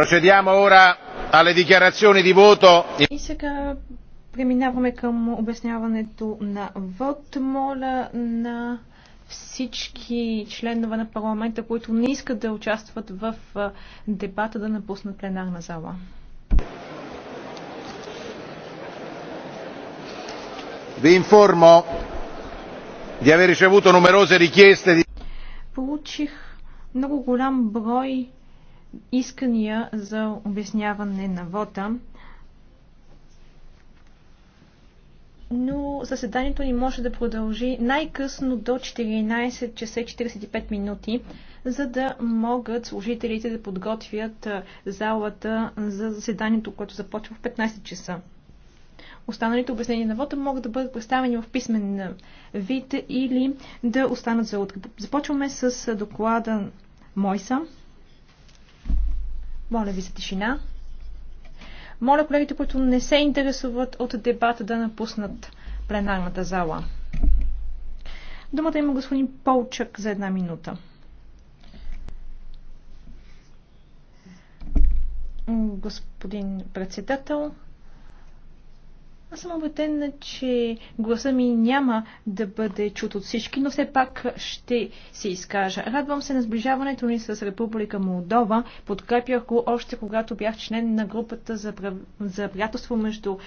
Procediamo ora alle dichiarazioni di voto. И сега преминаваме към обясняването на вод. Моля на всички членове на парламента, които не искат да участват в дебата, да напуснат пленарна зала. Ви информо di aver ricevuto numerose richieste di... Получих много голям брой искания за обясняване на вота. Но заседанието ни може да продължи най-късно до 14 часа 45 минути, за да могат служителите да подготвят залата за заседанието, което започва в 15 часа. Останалите обяснения на вода могат да бъдат представени в писмен вид или да останат за утре. Започваме с доклада Мойса. Моля ви за тишина. Моля колегите, които не се интересуват от дебата, да напуснат пленарната зала. Думата има господин Полчък за една минута. Господин председател, аз съм убедена, че гласа ми няма да бъде чут от всички, но все пак ще се изкажа. Радвам се на сближаването ни с Република Молдова. Подкрепях го още когато бях член на групата за, за приятелство между